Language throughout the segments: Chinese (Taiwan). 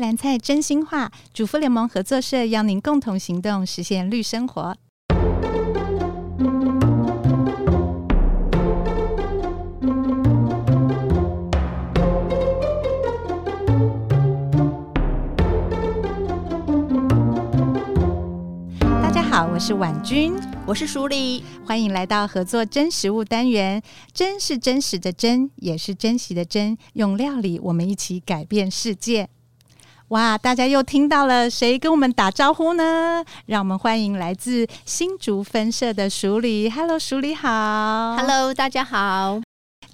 藍菜真心話，主婦聯盟合作社邀您共同行動，實現綠生活。大家好，我是婉君，我是淑禮，歡迎來到合作真食物單元。真，是真實的真，也是珍惜的珍。用料理，我們一起改變世界！哇！大家又聽到了，誰跟我們打招呼呢？讓我們歡迎來自新竹分社的淑禮，Hello，淑禮好，Hello，大家好。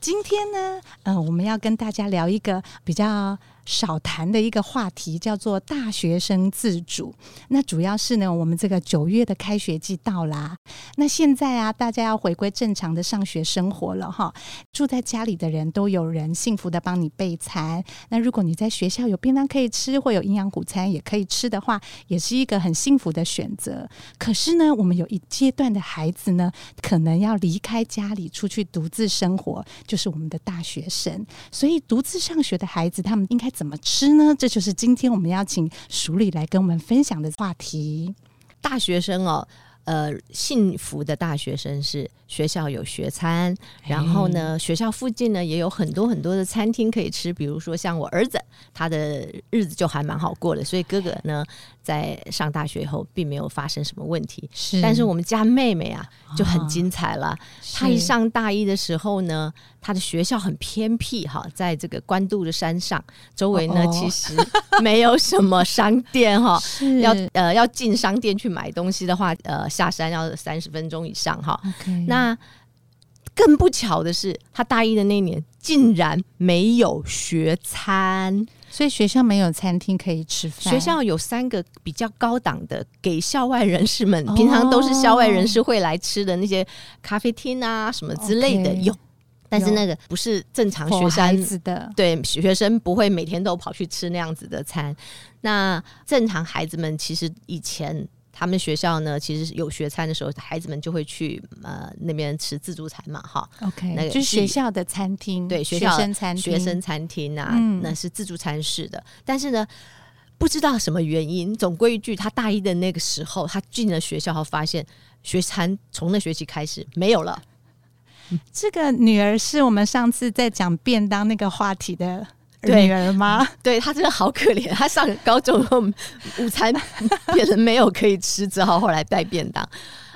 今天呢，呃，我們要跟大家聊一個比較。少談的一個話題叫做大學生自煮。那主要是呢，我們這個九月的開學季到啦。那現在啊，大家要回歸正常的上學生活了哈。住在家裡的人都有人幸福的幫你備餐。那如果你在學校有便當可以吃，或有營養午餐也可以吃的話，也是一個很幸福的選擇。可是呢，我們有一階段的孩子呢，可能要離開家裡出去獨自生活，就是我們的大學生。所以，獨自上學的孩子，他們應該怎麼吃呢？這就是今天我們邀請淑禮來跟我們分享的話題。大學生哦，呃，幸福的大學生是學校有學餐，哎、然後呢，學校附近呢也有很多很多的餐廳可以吃。比如說像我兒子，他的日子就還蠻好過的，所以哥哥呢。哎在上大學以後，並沒有發生什麼問題。是，但是我們家妹妹啊，就很精彩了。哦、她一上大一的時候呢，她的學校很偏僻，哈，在這個關渡的山上，周圍呢哦哦其實沒有什麼商店，哈。 要呃要進商店去買東西的話，呃下山要三十分鐘以上，哈、okay。那更不巧的是，她大一的那年竟然沒有學餐。所以學校沒有餐廳可以吃飯。學校有三個比較高檔的，給校外人士們、哦，平常都是校外人士會來吃的那些咖啡廳啊什麼之類的 okay, 有，但是那個不是正常學生，對，學生不會每天都跑去吃那樣子的餐。那正常孩子們其實以前。他們學校呢，其實有學餐的時候，孩子們就會去呃那邊吃自助餐嘛，哈。OK，那個是就是學校的餐廳，對，學生餐廳，學生餐廳吶、啊嗯，那是自助餐式的。但是呢，不知道什麼原因，總歸一句，他大一的那個時候，他進了學校後，發現學餐從那學期開始沒有了。這個女兒是我們上次在講便當那個話題的女兒嗎？嗯，對他真的好可憐，他上高中後午餐變成沒有可以吃，只好後來帶便當。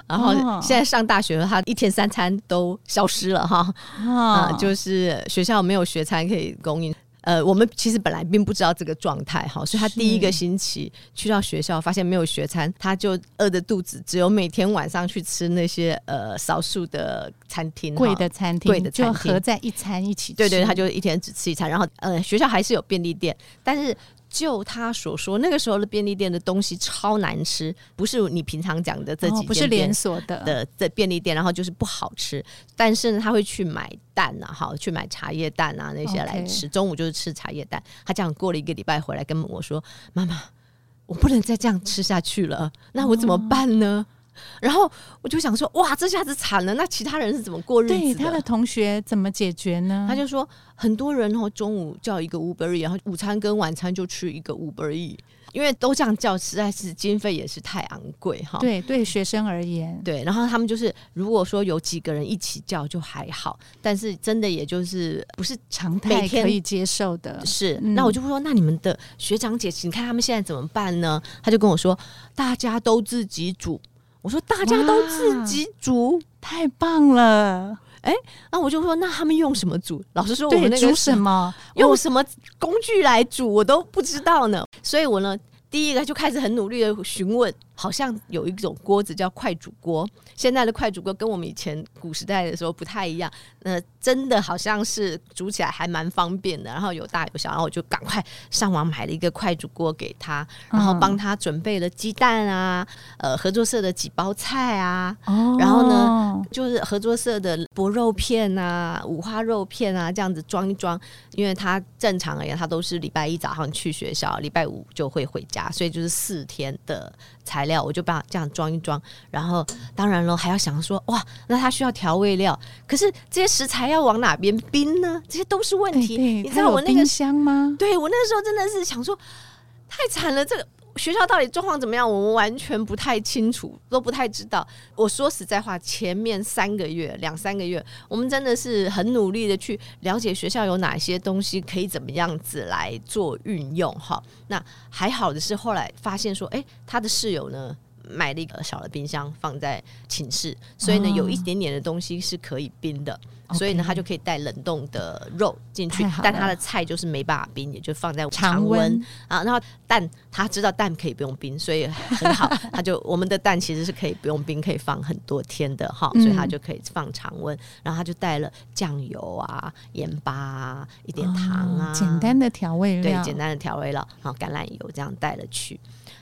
然後現在上大學了，他一天三餐都消失了哈啊，哦呃！就是學校沒有學餐可以供應。呃，我們其實本來並不知道這個狀態，哈，所以他第一個星期去到學校，發現沒有學餐，他就餓着肚子，只有每天晚上去吃那些呃，少數的餐廳、貴的餐廳、貴的就合在一餐一起吃。對，對對，他就一天只吃一餐，然後呃，學校還是有便利店，但是。就他所說，那個時候的便利店的東西超難吃，不是你平常講的這幾、哦，不是連鎖的的這便利店，然後就是不好吃。但是呢，他會去買蛋啊，好去買茶葉蛋啊那些來吃、okay。中午就是吃茶葉蛋。他這樣過了一個禮拜回來跟我說：“媽媽，我不能再這樣吃下去了，那我怎麼辦呢？”嗯然後我就想說，哇，這下子慘了。那其他人是怎麼過日子對？他的同學怎麼解決呢？他就說，很多人哦，中午叫一個 Uber E，然後午餐跟晚餐就吃一個 Uber E。因為都這樣叫，實在是經費也是太昂貴哈。對，對學生而言，對。然後他們就是，如果說有幾個人一起叫就還好，但是真的也就是不是常態，可以接受的。是。嗯，那我就會說，那你們的學長姐，你看他們現在怎麼辦呢？他就跟我說，大家都自己煮。我說，大家都自己煮，太棒了！哎、欸，那、啊、我就說，那他們用什麼煮？老師說我們、那個、煮什麼，用什麼工具來煮，我都不知道呢。所以我呢，第一個就開始很努力的詢問。好像有一種鍋子叫快煮鍋，現在的快煮鍋跟我們以前古時代的時候不太一樣。那、呃、真的好像是煮起來還蠻方便的，然後有大有小，然後我就趕快上網買了一個快煮鍋給他，然後幫他準備了雞蛋啊，呃，合作社的幾包菜啊，然後呢就是合作社的薄肉片啊、五花肉片啊這樣子裝一裝，因為他正常而言他都是禮拜一早上去學校，禮拜五就會回家，所以就是四天的。材料我就把這樣裝一裝，然後當然了還要想說哇，那它需要調味料，可是這些食材要往哪邊冰呢？這些都是問題。欸、你知道我那個冰箱嗎？對我那個時候真的是想說，太慘了這個。學校到底狀況怎麼樣？我們完全不太清楚，都不太知道。我說實在話，前面三個月，兩三個月，我們真的是很努力的去了解學校有哪些東西可以怎麼樣子來做運用哈。那還好的是後來發現說，哎、欸，他的室友呢？買了一個小的冰箱放在寢室，哦，所以呢，有一點點的東西是可以冰的，哦，okay, 所以呢，他就可以帶冷凍的肉進去。但他的菜就是沒辦法冰，也就放在常溫啊。然後蛋，他知道蛋可以不用冰，所以很好。 他就我們的蛋其實是可以不用冰，可以放很多天的哈，哦，嗯，所以他就可以放常溫。然後他就帶了醬油啊、鹽巴、啊、一點糖啊，哦，簡單的調味對，簡單的調味了，好，然後橄欖油這樣帶了去。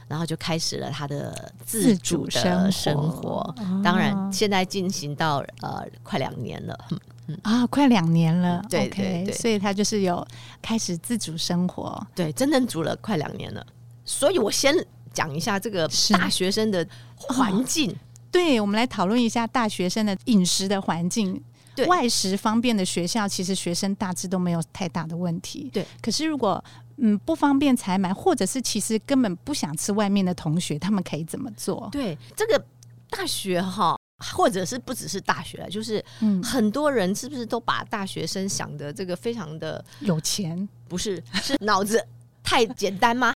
然後就開始了他的自主的生活，生活當然現在進行到呃快兩年了，啊嗯啊，快兩年了，對對對，對 okay, 所以他就是有開始自主生活，對，真正煮了快兩年了。所以我先講一下這個大學生的環境，哦、對我們來討論一下大學生的飲食的環境對。外食方便的學校，其實學生大致都沒有太大的問題。對，可是如果嗯，不方便採買，或者是其實根本不想吃外面的同學，他們可以怎麼做？對，這個大學哈，或者是不只是大學，就是很多人是不是都把大學生想得這個非常的有錢？不是，是腦子 太簡單嗎？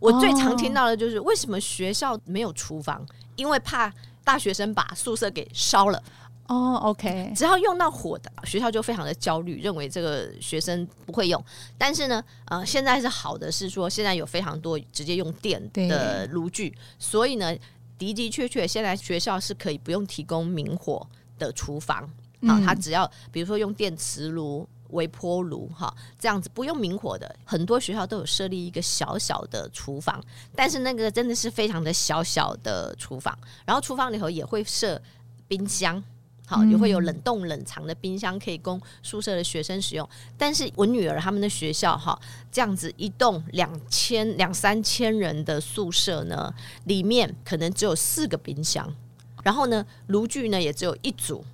我最常聽到的就是為什麼學校沒有廚房？因為怕大學生把宿舍給燒了。哦、oh，OK，只要用到火的學校就非常的焦慮，認為這個學生不會用。但是呢，呃，現在是好的，是說現在有非常多直接用電的爐具，所以呢，的的確確，現在學校是可以不用提供明火的廚房，嗯。啊，他只要比如說用電磁爐、微波爐，哈，啊，這樣子不用明火的。很多學校都有設立一個小小的廚房，但是那個真的是非常的小小的廚房。然後廚房裡頭也會設冰箱。好、哦，也會有冷凍冷藏的冰箱可以供宿舍的學生使用。嗯、但是我女兒他們的學校哈、哦，這樣子一棟兩千兩三千人的宿舍呢，裡面可能只有四個冰箱，然後呢，爐具呢也只有一組，okay,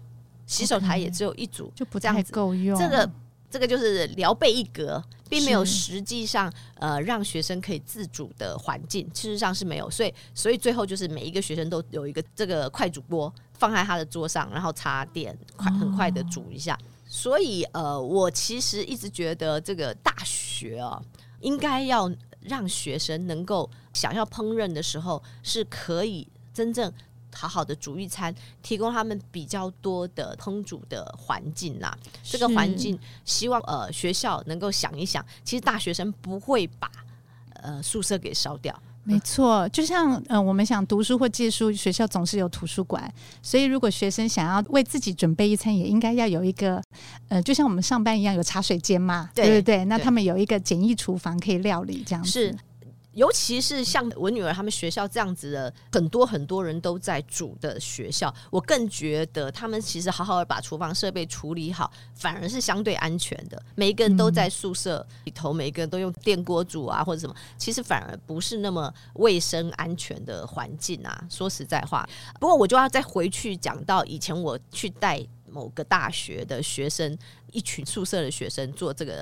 洗手台也只有一組，就不太夠用。這、這個這個就是聊備一格，並沒有實際上呃讓學生可以自煮的環境，事實上是沒有。所以所以最後就是每一個學生都有一個這個快煮壺。放在他的桌上，然後插電，快很快的煮一下。哦。所以，呃，我其實一直覺得這個大學啊，應該要讓學生能夠想要烹飪的時候，是可以真正好好的煮一餐，提供他們比較多的烹煮的環境吶。這個環境，希望呃學校能夠想一想。其實大學生不會把呃宿舍給燒掉。沒錯，就像呃，我們想讀書或借書，學校總是有圖書館，所以如果學生想要為自己準備一餐，也應該要有一個呃，就像我們上班一樣有茶水間嘛對，對不對？那他們有一個簡易廚房可以料理這樣子。是。尤其是像我女兒他們學校這樣子的，很多很多人都在煮的學校，我更覺得他們其實好好的把廚房設備處理好，反而是相對安全的。每一個人都在宿舍裡頭，嗯、每一個人都用電鍋煮啊，或者什麼，其實反而不是那麼衛生安全的環境啊。說實在話，不過我就要再回去講到以前我去帶某個大學的學生，一群宿舍的學生做這個。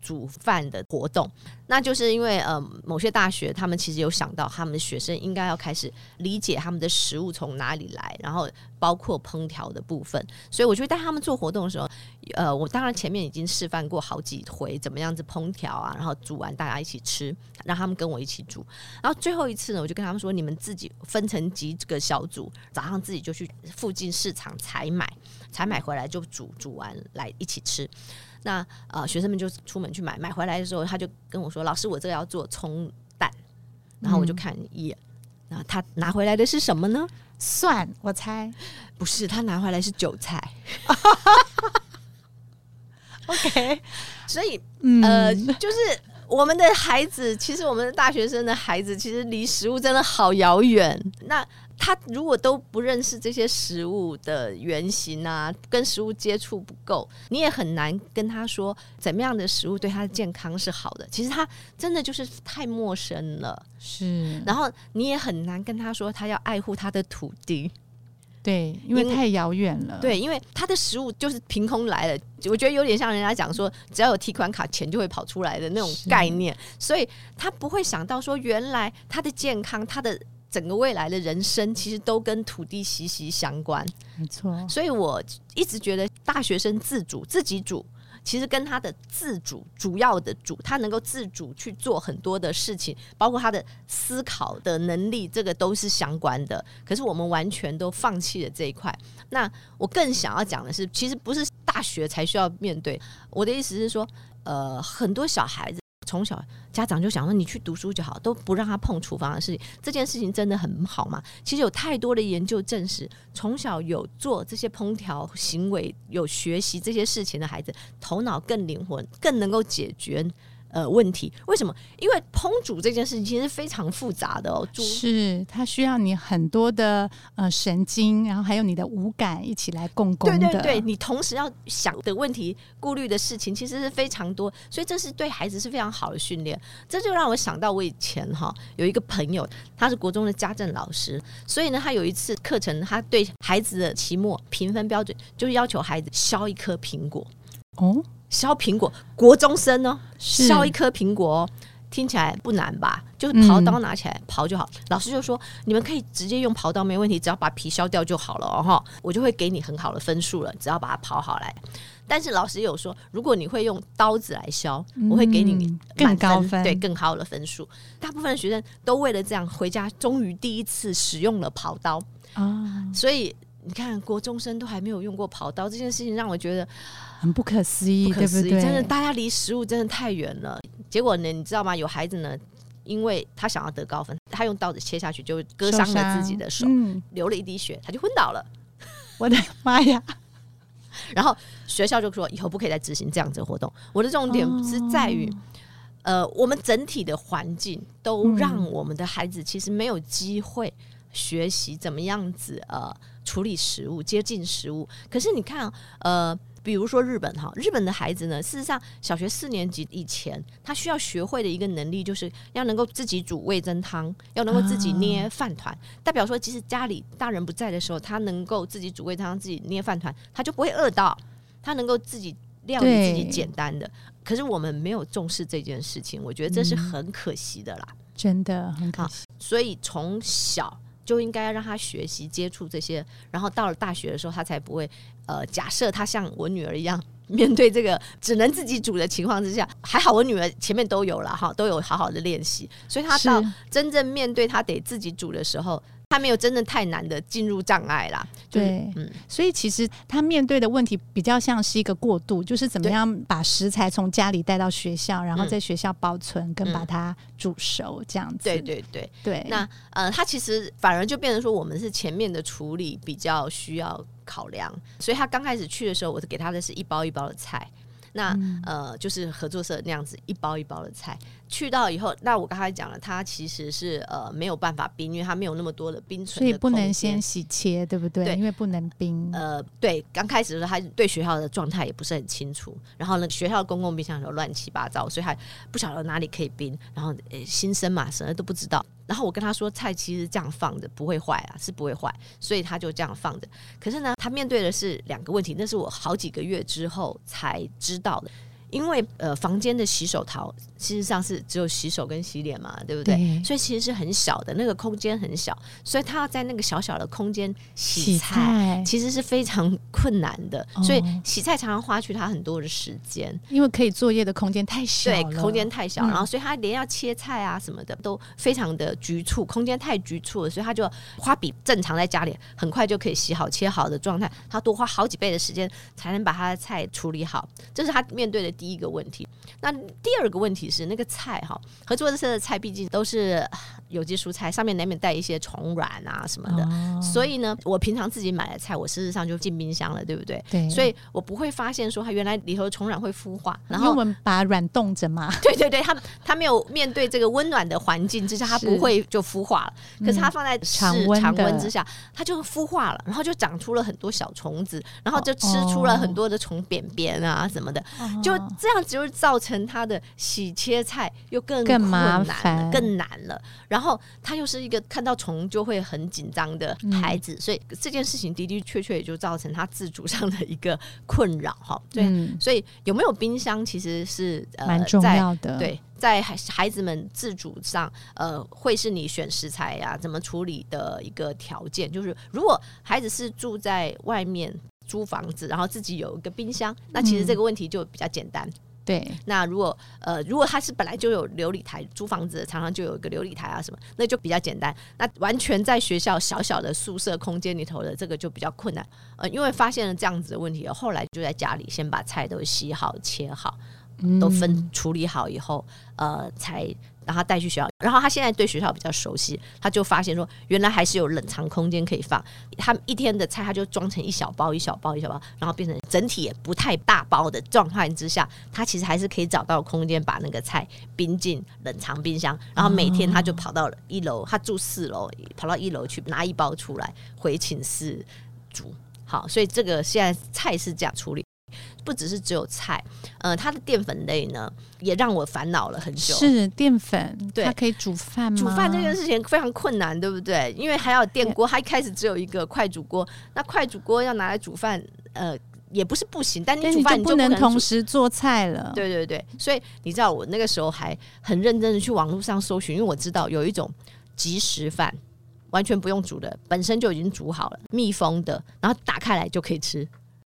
煮飯的活動，那就是因為呃，某些大學他們其實有想到他們的學生應該要開始理解他們的食物從哪裡來，然後包括烹調的部分。所以，我就會帶他們做活動的時候，呃，我當然前面已經示範過好幾回怎麼樣子烹調啊，然後煮完大家一起吃，讓他們跟我一起煮。然後最後一次呢，我就跟他們說，你們自己分成幾個小組，早上自己就去附近市場採買，採買回來就煮，煮完來一起吃。那啊、呃、學生們就出門去買，買回來的時候他就跟我說：“老師，我這個要做蔥蛋。”然後我就看一眼，嗯、然後他拿回來的是什麼呢？蒜？我猜不是，他拿回來是韭菜。 OK，所以、嗯、呃，就是我們的孩子，其實我們的大學生的孩子，其實離食物真的好遙遠。 那。他如果都不認識這些食物的原型啊，跟食物接觸不夠，你也很難跟他說怎麼樣的食物對他的健康是好的。其實他真的就是太陌生了，是。然後你也很難跟他說，他要愛護他的土地。對，因為太遙遠了。對，因為他的食物就是憑空來的，我覺得有點像人家講說，只要有提款卡，錢就會跑出來的那種概念。所以他不會想到說，原來他的健康，他的。整個未來的人生其實都跟土地息息相關，沒錯。所以我一直覺得大學生自煮、自己煮，其實跟他的自主、主要的主，他能夠自主去做很多的事情，包括他的思考的能力，這個都是相關的。可是我們完全都放棄了這一塊。那我更想要講的是，其實不是大學才需要面對。我的意思是說，呃，很多小孩子。從小，家長就想說你去讀書就好，都不讓他碰廚房的事情。這件事情真的很好嗎？其實有太多的研究證實，從小有做這些烹調行為、有學習這些事情的孩子，頭腦更靈活，更能夠解決。呃，問題為什麼？因為烹煮這件事情其實是非常複雜的哦，是它需要你很多的呃神經，然後還有你的五感一起來共工，對對對，你同時要想的問題、顧慮的事情，其實是非常多，所以這是對孩子是非常好的訓練。這就讓我想到我以前哈、哦、有一個朋友，他是國中的家政老師，所以呢，他有一次課程，他對孩子的期末評分標準就是要求孩子削一顆蘋果。哦。削蘋果，國中生呢、哦，削一顆蘋果，聽起來不難吧？就刨刀拿起來刨就好、嗯。老師就說，你們可以直接用刨刀，沒問題，只要把皮削掉就好了哈、哦。我就會給你很好的分數了，只要把它刨好來。但是老師也有說，如果你會用刀子來削，嗯、我會給你更高分，對，更好的分數。大部分學生都為了這樣回家，終於第一次使用了刨刀啊、哦，所以。你看，國中生都還沒有用過刨刀，這件事情讓我覺得很不可思議，不可思議，對不對？真的，大家離食物真的太遠了。結果呢，你知道嗎？有孩子呢，因為他想要得高分，他用刀子切下去就割傷了自己的手，手、嗯，流了一滴血，他就昏倒了。我的媽呀！ 然後學校就說以後不可以再執行這樣子的活動。我的重點是在於、哦，呃，我們整體的環境都讓我們的孩子其實沒有機會，學習怎麼樣子呃處理食物、接近食物。可是你看呃，比如說日本哈，日本的孩子呢，事實上小學四年級以前，他需要學會的一個能力，就是要能夠自己煮味噌湯，要能夠自己捏飯糰、啊。代表說，即使家裡大人不在的時候，他能夠自己煮味噌湯、自己捏飯糰，他就不會餓到。他能夠自己料理自己簡單的。可是我們沒有重視這件事情，我覺得這是很可惜的啦，嗯、真的很可惜。啊、所以從小。就應該讓他學習接觸這些，然後到了大學的時候，他才不會呃，假設他像我女兒一樣面對這個只能自己煮的情況之下，還好我女兒前面都有了哈，都有好好的練習，所以她到真正面對她得自己煮的時候。他沒有真的太難的進入障礙啦，就是、對、嗯，所以其實他面對的問題比較像是一個過渡，就是怎麼樣把食材從家裡帶到學校，然後在學校保存、嗯、跟把它煮熟這樣子。對、嗯、對對對。對。那呃，他其實反而就變成說，我們是前面的處理比較需要考量，所以他剛開始去的時候，我給他的是一包一包的菜。那、嗯、呃，就是合作社那樣子一包一包的菜，去到以後，那我剛才講了，它其實是呃沒有辦法冰，因為它沒有那麼多的冰存，所以不能先洗切，對不對？對，因為不能冰。呃，對，剛開始的時候，他對學校的狀態也不是很清楚。然後呢，學校公共冰箱又亂七八糟，所以還不曉得哪裡可以冰。然後欸、新生嘛，什麼都不知道。然後我跟他說，菜其實這樣放着不會壞啊，是不會壞，所以他就這樣放着。可是呢，他面對的是兩個問題，那是我好幾個月之後才知道的，因為呃，房間的洗手台，事實上是只有洗手跟洗臉嘛，對不對？對，所以其實是很小的那個空間很小，所以他要在那個小小的空間洗菜，洗菜其實是非常困難的、哦。所以洗菜常常花去他很多的時間，因為可以作業的空間太小，對，空間太小。嗯、然後，所以他連要切菜啊什麼的都非常的局促，空間太局促了，所以他就花比正常在家裡很快就可以洗好切好的狀態，他多花好幾倍的時間才能把他的菜處理好。這是他面對的第一個問題。那第二個問題。是那個菜哈，合作社的菜畢竟都是有機蔬菜，上面難免帶一些蟲卵啊什麼的、哦。所以呢，我平常自己買的菜，我事實上就進冰箱了，對不對？對。所以我不會發現說，它原來裡頭的蟲卵會孵化。因為我把卵凍着嘛。對對對，它它沒有面對這個溫暖的環境之下，它不會就孵化了。是可是它放在、嗯、常溫常溫之下，它就孵化了，然後就長出了很多小蟲子，然後就吃出了很多的蟲便便啊什麼的，哦、就這樣子就是造成它的洗。切菜又更難，更難，更難了。然後他又是一個看到蟲就會很緊張的孩子、嗯，所以這件事情的的確確也就造成他自煮上的一個困擾哈、嗯。對，所以有沒有冰箱其實是蠻、呃、重要的。對，在孩孩子們自煮上，呃，會是你選食材呀、啊、怎麼處理的一個條件。就是如果孩子是住在外面租房子，然後自己有一個冰箱，嗯、那其實這個問題就比較簡單。對，那如果呃，如果他是本來就有流理臺租房子，常常就有一個流理臺啊什麼，那就比較簡單。那完全在學校小小的宿舍空間裡頭的這個就比較困難。呃，因為發現了這樣子的問題，後來就在家裡先把菜都洗好、切好。都分處理好以後，呃，才讓他帶去學校。然後他現在對學校比較熟悉，他就發現說，原來還是有冷藏空間可以放。他一天的菜，他就裝成一小包、一小包、一小包，然後變成整體也不太大包的狀況之下，他其實還是可以找到空間把那個菜冰進冷藏冰箱。然後每天他就跑到一樓，他住四樓，跑到一樓去拿一包出來回寢室煮。好，所以這個現在菜是這樣處理。不只是只有菜，呃，它的澱粉類呢也讓我煩惱了很久。是澱粉，對，它可以煮飯嗎？煮飯這件事情非常困難，對不對？因為還要有電鍋，欸，它一開始只有一個快煮鍋，那快煮鍋要拿來煮飯，呃，也不是不行，但你煮飯你就不能同時做菜了。對對對對，所以你知道我那個時候還很認真的去網絡上搜尋，因為我知道有一種即食飯，完全不用煮的，本身就已經煮好了，密封的，然後打開來就可以吃。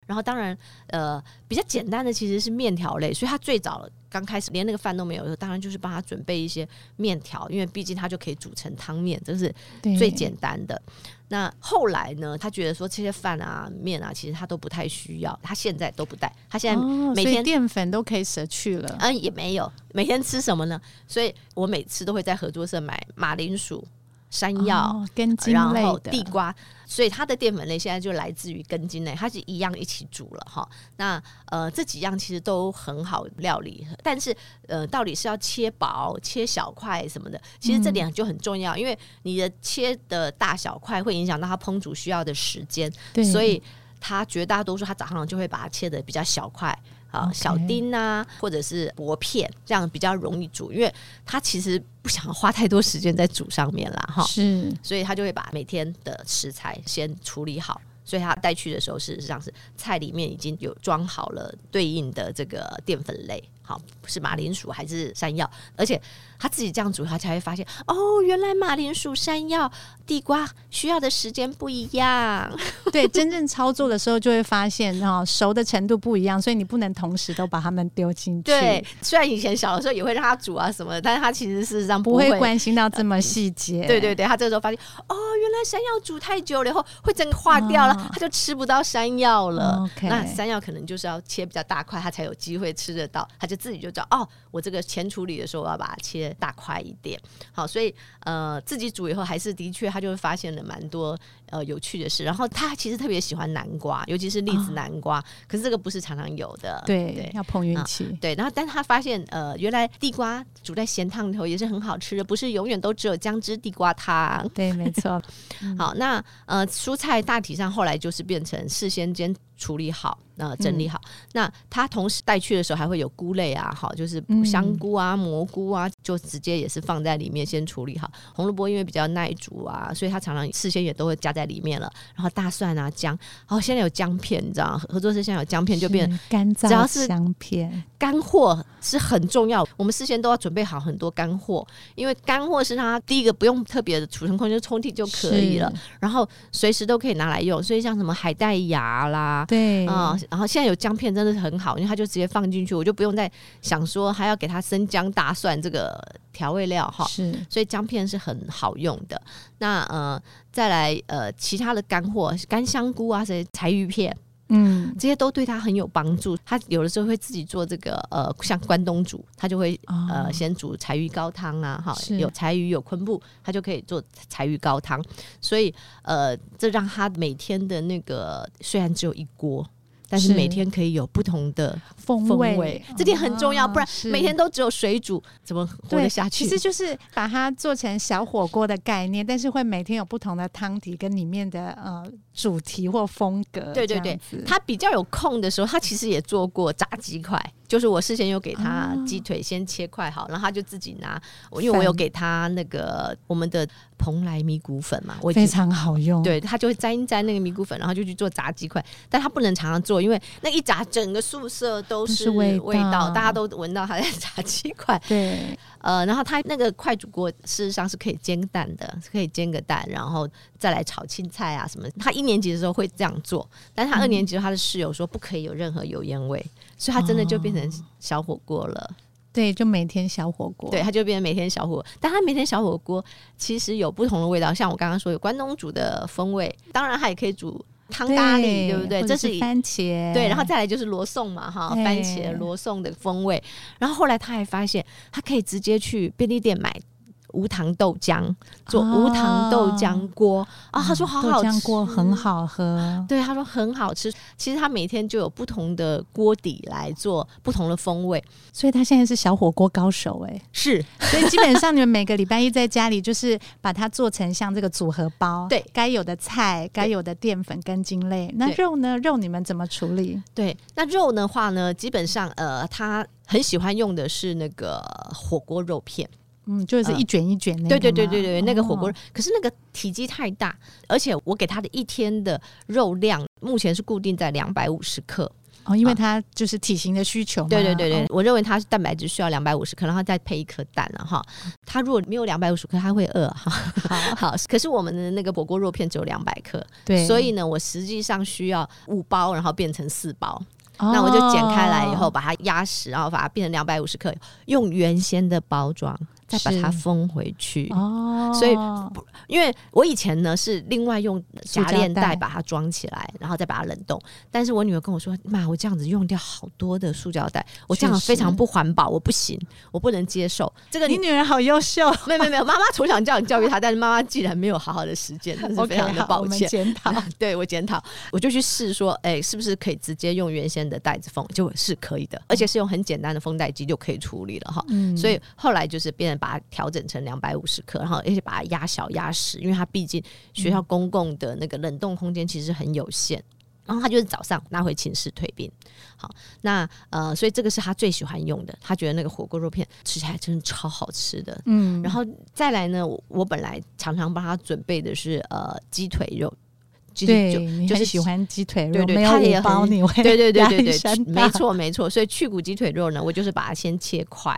然後當然，呃，比較簡單的其實是麵條類，所以他最早剛開始連那個飯都沒有的時候，當然就是幫他準備一些麵條，因為畢竟他就可以煮成湯麵，這是最簡單的。那後來呢，他覺得說這些飯啊、麵啊，其實他都不太需要，他現在都不帶，他現在每天、哦、澱粉都可以捨去了，嗯，也沒有。每天吃什麼呢？所以我每次都會在合作社買馬鈴薯。山藥、跟、哦，根莖類的。然後地瓜，所以它的澱粉類現在就來自於根莖類，它是一樣一起煮了哈。那呃，這幾樣其實都很好料理，但是呃，到底是要切薄、切小塊什麼的，其實這點就很重要、嗯，因為你的切的大小塊會影響到它烹煮需要的時間，所以它絕大多數它早上就會把它切得比較小塊。啊，okay。小丁啊，或者是薄片，這樣比較容易煮。因為他其實不想花太多時間在煮上面啦，哈。是，所以他就會把每天的食材先處理好，所以他帶去的時候，事實上是菜裡面已經有裝好了對應的這個澱粉類。好，是馬鈴薯還是山藥？而且他自己這樣煮，他才會發現哦，原來馬鈴薯、山藥、地瓜需要的時間不一樣。對， 真正操作的時候就會發現哦，熟的程度不一樣，所以你不能同時都把它們丟進去。對，雖然以前小的時候也會讓他煮啊什麼的，但是他其實事實上不，不會關心到這麼細節，嗯。對對對，他這個時候發現哦，原來山藥煮太久了以後會整化掉了，啊，他就吃不到山藥了，啊 okay。那山藥可能就是要切比較大塊，他才有機會吃得到，他就。自己就知道哦，我這個前處理的時候我要把它切大塊一點，好，所以呃自己煮以後還是的確他就會發現了蠻多呃有趣的事，然後他其實特別喜歡南瓜，尤其是栗子南瓜，哦、可是這個不是常常有的，對對，要碰運氣，嗯、對，然後但他發現呃原來地瓜煮在鹹湯裡頭也是很好吃的，不是永遠都只有薑汁地瓜湯，對，沒錯，嗯、好，那呃蔬菜大體上後來就是變成事先煎。處理好，那整理好，嗯、那他同時帶去的時候還會有菇類啊，好，就是香菇啊、蘑菇啊，就直接也是放在裡面先處理好。紅蘿蔔因為比較耐煮啊，所以它常常事先也都會加在裡面了。然後大蒜啊、薑，然、哦、現在有薑片，你知道嗎？合作社現在有薑片就變乾燥，只要是薑片，乾貨是很重要。我們事先都要準備好很多乾貨，因為乾貨是它第一個不用特別的儲存空間，抽屜、是、就可以了，然後隨時都可以拿來用。所以像什麼海帶芽啦。對啊，嗯，然後現在有薑片真的是很好，因為它就直接放進去，我就不用再想說還要給它生薑、大蒜這個調味料哈。是，所以薑片是很好用的。那呃，再來呃，其他的乾貨，乾香菇啊，這些柴魚片。嗯，這些都對他很有幫助。他有的時候會自己做這個，呃，像關東煮，他就會、哦、呃先煮柴魚高湯啊，哈，有柴魚有昆布，他就可以做柴魚高湯。所以，呃，這讓他每天的那個雖然只有一鍋。但是每天可以有不同的風味，這點很重要、哦啊，不然每天都只有水煮，怎麼活得下去？其實就是把它做成小火鍋的概念，但是會每天有不同的湯底跟裡面的呃主題或風格。對對對，他比較有空的時候，他其實也做過炸雞塊。就是我事先有給他雞腿先切塊好，啊，然後他就自己拿，因為我有給他那個我們的蓬萊米谷粉嘛，非常好用，對他就會沾沾那個米谷粉，然後就去做炸雞塊，但他不能常常做，因為那一炸整個宿舍都是味道是味道，大家都聞到他在炸雞塊。對，呃，然後他那個快煮鍋事實上是可以煎蛋的，可以煎個蛋，然後再來炒青菜啊什麼。他一年級的時候會這樣做，但是他二年級的時候他的室友說不可以有任何油煙味。所以它真的就變成小火鍋了。哦，對，就每天小火鍋，對，它就變成每天小火鍋。但它每天小火鍋其實有不同的味道，像我剛剛說有關東煮的風味，當然它也可以煮湯咖喱，對，對不對？這是番茄，是，對，然後再來就是羅宋嘛，哈，番茄羅宋的風味。然後後來他還發現，他可以直接去便利店買。無糖豆漿做無糖豆漿鍋啊，啊、嗯，他說好好吃，豆漿鍋很好喝，嗯。對，他說很好吃。其實他每天就有不同的鍋底來做不同的風味，所以他現在是小火鍋高手誒，欸，是，所以基本上你們每個禮拜一在家裡就是把它做成像這個組合包，對，該有的菜、該有的澱粉、根莖類。那肉呢？肉你們怎麼處理？對，那肉的話呢，基本上呃，他很喜歡用的是那個火鍋肉片。嗯，就是一卷一卷那個，對、呃、對對對對，那個火鍋、哦、可是那個體積太大，而且我給他的一天的肉量目前是固定在兩百五十克哦，因為它就是體型的需求嘛、哦。對對對對、哦，我認為它是蛋白質需要兩百五十克，然後再配一顆蛋了、啊、哈、嗯。它如果沒有兩百五十克，它會餓哈、啊。 好，可是我們的那個火鍋肉片只有兩百克，對，所以呢，我實際上需要五包，然後變成四包、哦，那我就剪開來以後把它壓實，然後把它變成兩百五十克，用原先的包裝。再把它封回去哦，所以不，因為我以前呢是另外用夾鏈袋把它裝起來，然後再把它冷凍。但是我女兒跟我說：“媽，我這樣子用掉好多的塑膠袋，我這樣非常不環保，我不行，我不能接受。”這個你，你女兒好優秀， 沒有沒有，媽媽從小這樣教育她，但是媽媽既然沒有好好的實踐，我是非常的抱歉。檢討。Okay, 好，我們檢討。 對我檢討，我就去試說，誒、欸，是不是可以直接用原先的袋子封就是可以的，而且是用很簡單的封袋機就可以處理了哈。嗯，所以後來就是變把它調整成兩百五十克，然後而且把它壓小壓實，因為它畢竟學校公共的那個冷凍空間其實很有限，嗯。然後他就是早上拿回寢室退冰。好，那呃，所以這個是他最喜歡用的，他覺得那個火鍋肉片吃起來真的超好吃的。嗯，然後再來呢，我本來常常幫他準備的是呃雞腿肉，雞腿肉，對，就是你喜歡雞腿肉，對對、對，他也包你對對對對對，沒錯沒錯。所以去骨雞腿肉呢，我就是把它先切塊。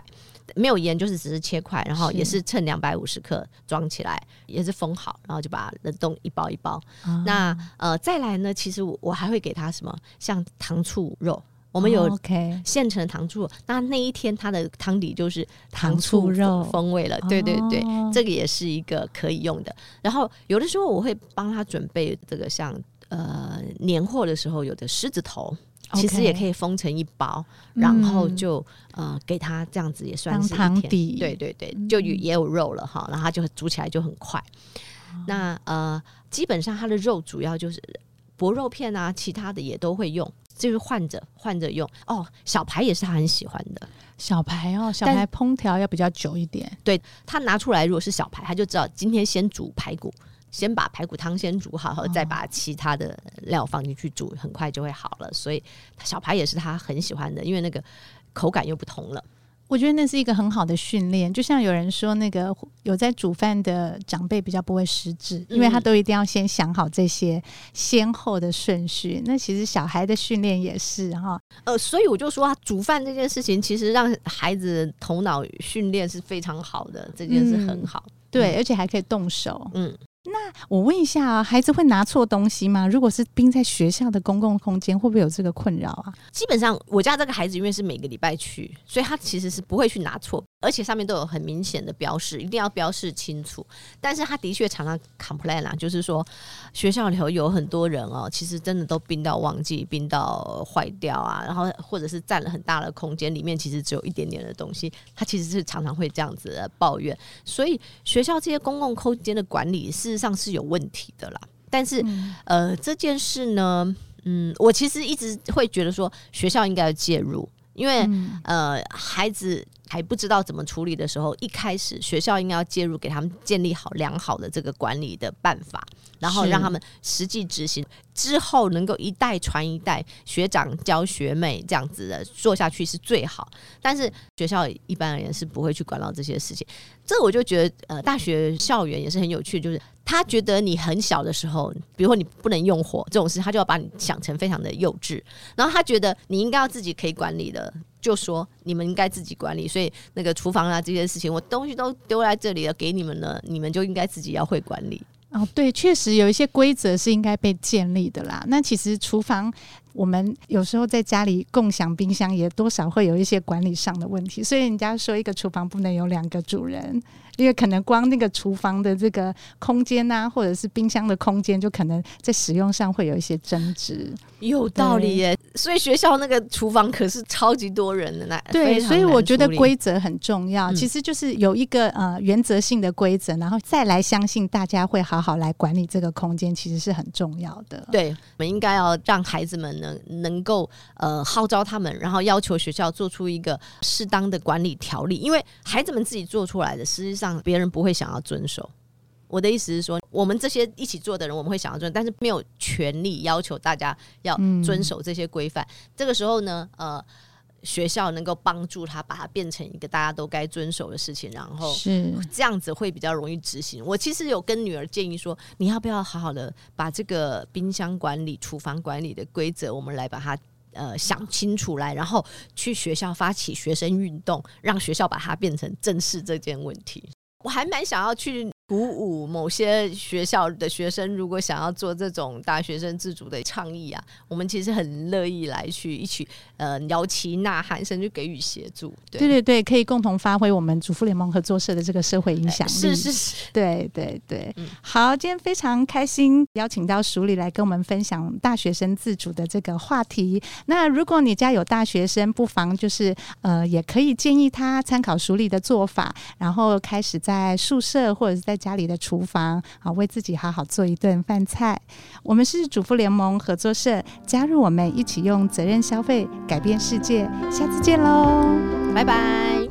沒有鹽，就是只是切塊，然後也是稱兩百五十克裝起來，也是封好，然後就把冷凍一包一包。哦、那呃，再來呢，其實我我還會給他什麼，像糖醋肉，我們有現成的糖醋。哦 okay、那那一天他的湯底就是糖醋肉風味了，對對對，哦，這個也是一個可以用的。然後有的時候我會幫他準備這個像，像呃年貨的時候有的獅子頭。其實也可以封成一包，okay 嗯、然後就呃給他這樣子也算是湯底，對對對，就有也有肉了哈、嗯，然後他就煮起來就很快。嗯、那呃，基本上他的肉主要就是薄肉片啊，其他的也都會用，就是換着換着用。哦，小排也是他很喜歡的，小排哦，小排烹調要比較久一點。對，他拿出來如果是小排，他就知道今天先煮排骨。先把排骨湯先煮好，然後再把其他的料放進去煮，哦，很快就會好了。所以小排也是他很喜歡的，因為那個口感又不同了。我覺得那是一個很好的訓練，就像有人說，那個有在煮飯的長輩比較不會失智，因為他都一定要先想好這些先後的順序。那其實小孩的訓練也是哈、哦，呃，所以我就說啊，煮飯這件事情其實讓孩子頭腦訓練是非常好的，這件事很好，嗯、對、嗯，而且還可以動手，嗯。那我問一下啊，孩子會拿錯東西嗎？如果是冰在學校的公共空間，會不會有這個困擾啊？基本上，我家這個孩子因為是每個禮拜去，所以他其實是不會去拿錯。而且上面都有很明顯的標示，一定要標示清楚。但是他的確常常 complain 啦、啊，就是說學校裡頭有很多人哦、喔，其實真的都冰到忘記，冰到壞掉啊，然後或者是佔了很大的空間，裡面其實只有一點點的東西。他其實是常常會這樣子抱怨，所以學校這些公共空間的管理事實上是有問題的啦。但是、嗯、呃，這件事呢，嗯，我其實一直會覺得說學校應該要介入，因為、嗯、呃，孩子。還不知道怎麼處理的時候，一開始學校應該要介入，給他們建立好良好的這個管理的辦法，然後讓他們實際執行之後，能夠一代傳一代，學長教學妹這樣子的做下去是最好。但是學校一般而言是不會去管到這些事情。這我就覺得，呃，大學校園也是很有趣，就是他覺得你很小的時候，比如說你不能用火這種事，他就要把你想成非常的幼稚，然後他覺得你應該要自己可以管理的。就說你們應該自己管理，所以那個廚房啊，這些事情，我東西都丟在這裡了，給你們了，你們就應該自己要會管理。哦，對，確實有一些規則是應該被建立的啦。那其實廚房我們有時候在家裡共享冰箱，也多少會有一些管理上的問題。所以人家說一個廚房不能有兩個主人，因為可能光那個廚房的這個空間吶、啊，或者是冰箱的空間，就可能在使用上會有一些爭執。有道理耶。所以學校那個廚房可是超級多人的那。對，所以我覺得規則很重要，嗯。其實就是有一個呃原則性的規則，然後再來相信大家會好好來管理這個空間，其實是很重要的。對，我們應該要讓孩子們能能夠呃號召他們，然後要求學校做出一個適當的管理條例，因為孩子們自己做出來的，實際上別人不會想要遵守。我的意思是說，我們這些一起做的人，我們會想要做。但是沒有權利要求大家要遵守這些規範。嗯、這個時候呢，呃，學校能夠幫助他把它變成一個大家都該遵守的事情，然後是這樣子會比較容易執行。我其實有跟女兒建議說，你要不要好好的把這個冰箱管理、廚房管理的規則，我們來把它呃想清楚來，然後去學校發起學生運動，讓學校把它變成正式這件問題。嗯、我還蠻想要去。鼓舞某些學校的學生，如果想要做這種大學生自煮的倡議啊，我們其實很樂意來去一起呃搖旗吶喊，甚至給予協助。對。對對對，可以共同發揮我們主婦聯盟合作社的這個社會影響力。是是是，對對對、嗯。好，今天非常開心邀請到淑禮來跟我們分享大學生自煮的這個話題。那如果你家有大學生，不妨就是呃也可以建議他參考淑禮的做法，然後開始在宿舍或者是在。家裡的廚房，好為自己好好做一頓飯菜。我們是主婦聯盟合作社，加入我們一起用責任消費改變世界。下次見嘍，拜拜！